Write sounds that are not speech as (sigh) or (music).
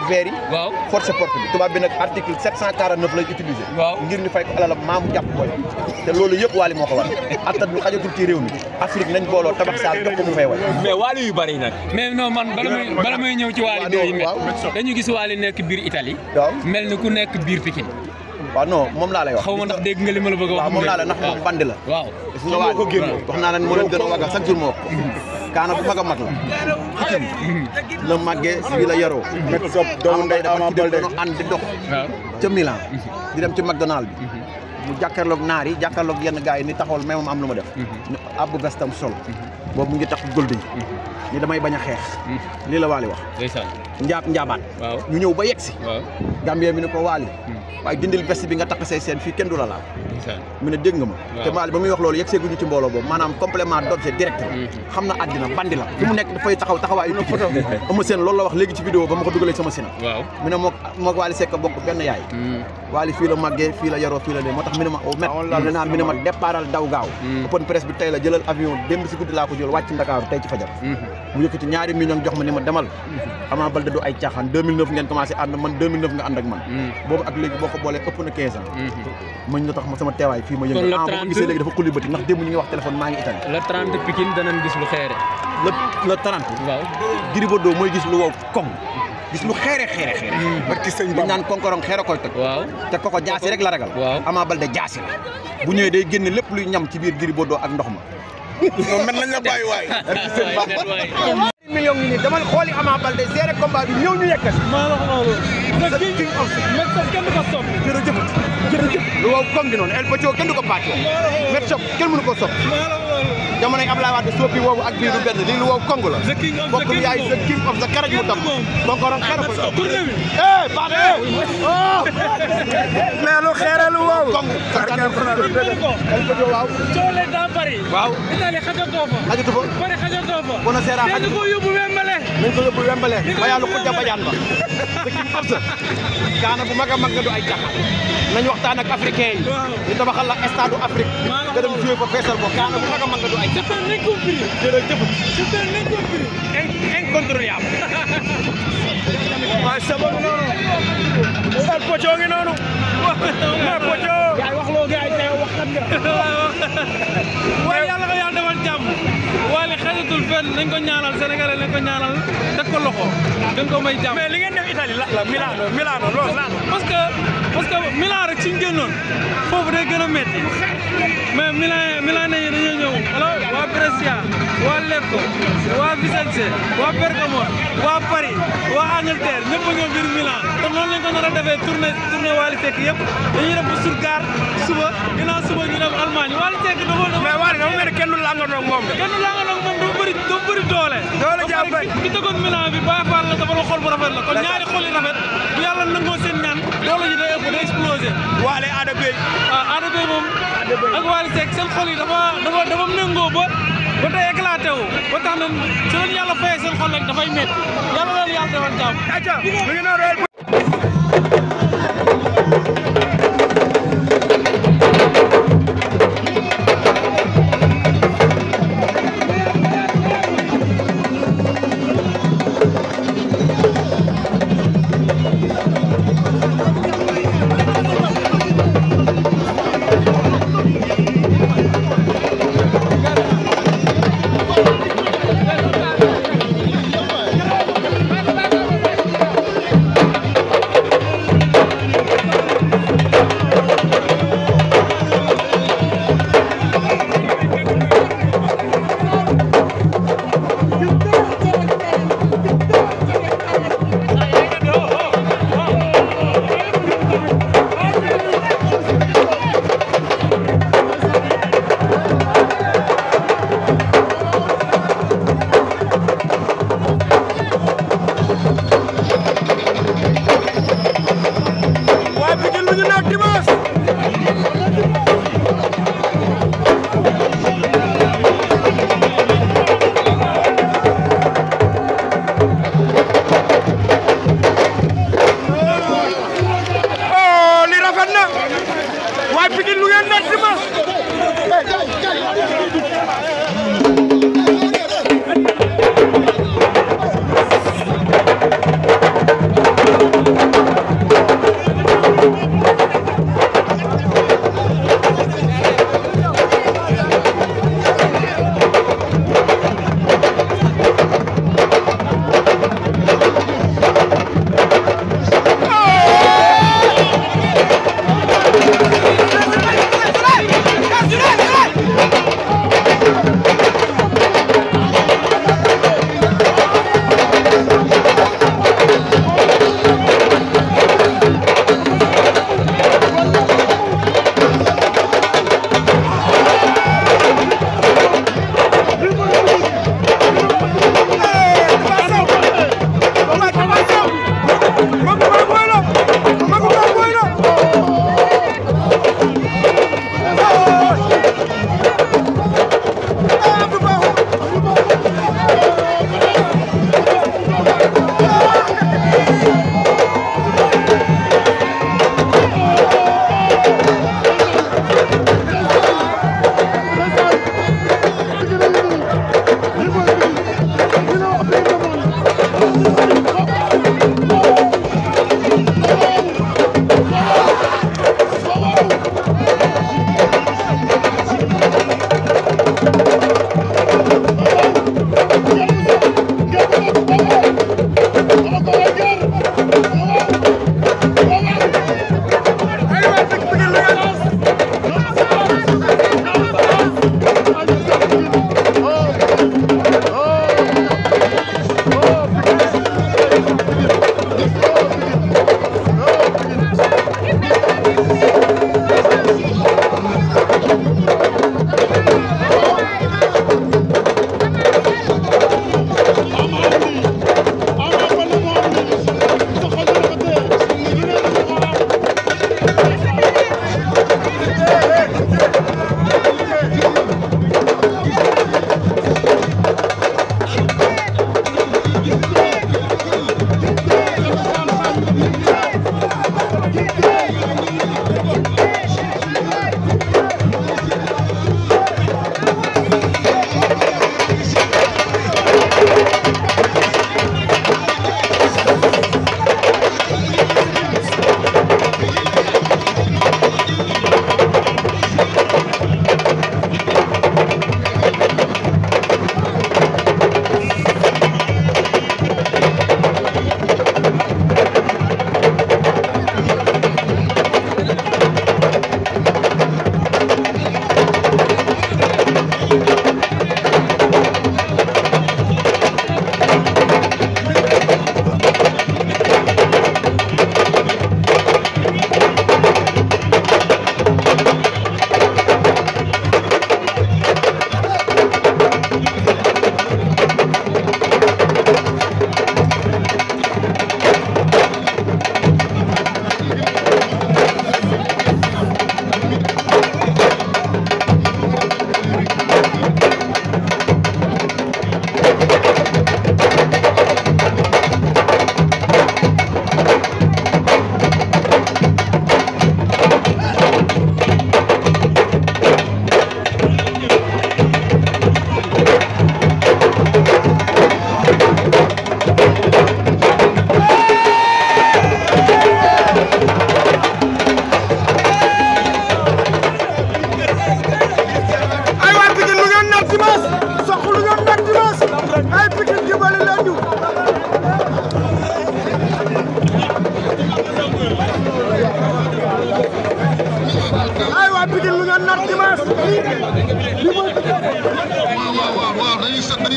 ak verre yi. waaw force porte bi tubaab bi nag article 749 lay utiliser. waaw ngir ñu fay ko alalam maamu jàpp booy. te loolu yëpp waali moo ko war attan ñu xajatul ci nañ booloo tabax saal jox ko mu fay way. mais waali yu bari nag. mais non man bala may bala may ñëw ci waali deux yi mais dañu gis waali nekk biir Italie. mel ni ku nekk biir Pikine. waaw non moom laa lay wax. xaw ma nax dégg nga li ma la bëgg a wax. waaw moom laa lay moom bandi la. waaw xam nga waali wax naa leen moo kaana bu mag a mag la itam la màggee fii la yaroo met sob doomu ndey dafa ci doon ànd di dox ca Milan di dem ci McDonald bi mhm. mu jàkkaarloog naar yi yenn gars yi ni taxawal mais moom am lu ma def ñu àbb vestam sol mhm. boobu mu ngi tax goldi mhm. ni damay bañ a xeex hmm. lii la Waly wax njaab njaabaan ñu ñëw ba yegg si Gambien bi ne ko Waly hmm. waaye jëndil veste bi nga takk say seen fii kenn du la laal mu ne dégg nga ma te Waly ba muy wax loolu yegg seeguñu la hmm. xam na àddina bandi taxaw taxawaayu na photo ama seen loolu la wax léegi ci vidéo ba ma ko dugalee mu ne moo mook Waly Seck bokk benn yaay Waly fii la màggee fii la yaroo fii la dee moo tax mi ne ma au oh, met ne naa mi ne ma départal daw gaaw open presse bi tey la jëlal avion démb si guddi laa ko jël wàcc Ndakaaru tey ci fajar mu yëkkati ñaari million jox ma ni ma demal amaa Baldé du ay caaxaan 2009 ngeen commencé ànd man 2009 nga ànd ak man hmm. boobu ak léegi boo ko boolee ëpp na 15 ans mañ hmm. na tax ma sama teewaay fii ma yëngu ah boo gisee léegi dafa xulli maa ngi Italie le 30 Pikine danañ gis lu xeere le 30 waaw mooy gis lu wow koŋ gis lu xeere xeere xeere barki sëñ bi naan konkorong xeere koy toj waaw ko koko jaasi rek la ragal Ama Baldé jaasi la bu ñëwee day génne lépp luy ñam ci biir Gris Bordeaux ak ndox ma non man nañ la bàyyi waay. million yi nii dama xooli Ama Baldé seere combat bi ñëw ñu yekkat. maa la ko king of Medshop kenn du ko soppi. jërëjëf jërëjëf. lu wow koom gi noonu El Pacho kenn du ko pàccoo. Medshop kenn mënu ko soppi. jamono yi Abdoulaye Wade soppi woowu ak bii du benn lii lu wow kong la. the king yaay the king of the karaj mu topp. konkoron xeer ko topp. eh baax na oh. mais lu xeere lu wow. kong El Pacho waaw. coole dans Paris. waaw Italie xajatoo fa. xajatu fa Paris xajatoo fa. Buenos Aires xajatu fa. nañ ko yóbbu Wembale. nañ ko yóbbu Wembale. ba yàlla ko jàpp ba jaan ba. the king of the gaana bu mag a mag nga du ay jaxal nañ waxtaan ak africain yi. ñu tabaxal la stade Afrique. nga dem jouer bu mag a mag nga du ay jaxal. c'est un incompris. jërëjëf. c'est un incompris. incontrôlable. waaw sabab noonu. Oumar (laughs) ko ko ñaanal sénégalais nañ ko ñaanal teg ko loxo gën ko may jàmm. mais li ngeen def la la Milano Milano loolu la parce que foofu day gën a métti mais Milan Milan yi dañoo ñëw alors waa Brescia waa Lecco waa Vicenza waa Bergamo waa Paris waa Angleterre ñëpp a ñëw biir Milan te noonu lañ ko nar a defee tournée tournée Wally Seck yëpp dañuy def suba ginnaaw suba ñu dem Allemagne Wally Seck dafa. mais Wally dafa mel ni kenn du rek ki tëggoon Milan bi Baye Fall la dafa doon xol bu rafet la kon ñaari xol yi rafet bu yàlla nangoo seen ñaan loolu ji day ëpp waale Ada Bey waaw Ada Bey moom ak Wally Seck seen xol dafa dafa dafa nangoo ba ba tey éclaté tax na su leen yàlla fayee seen xol dafay métti yàlla loolu yàlla defal jàmm waaw waaw waaw dañuy sëkk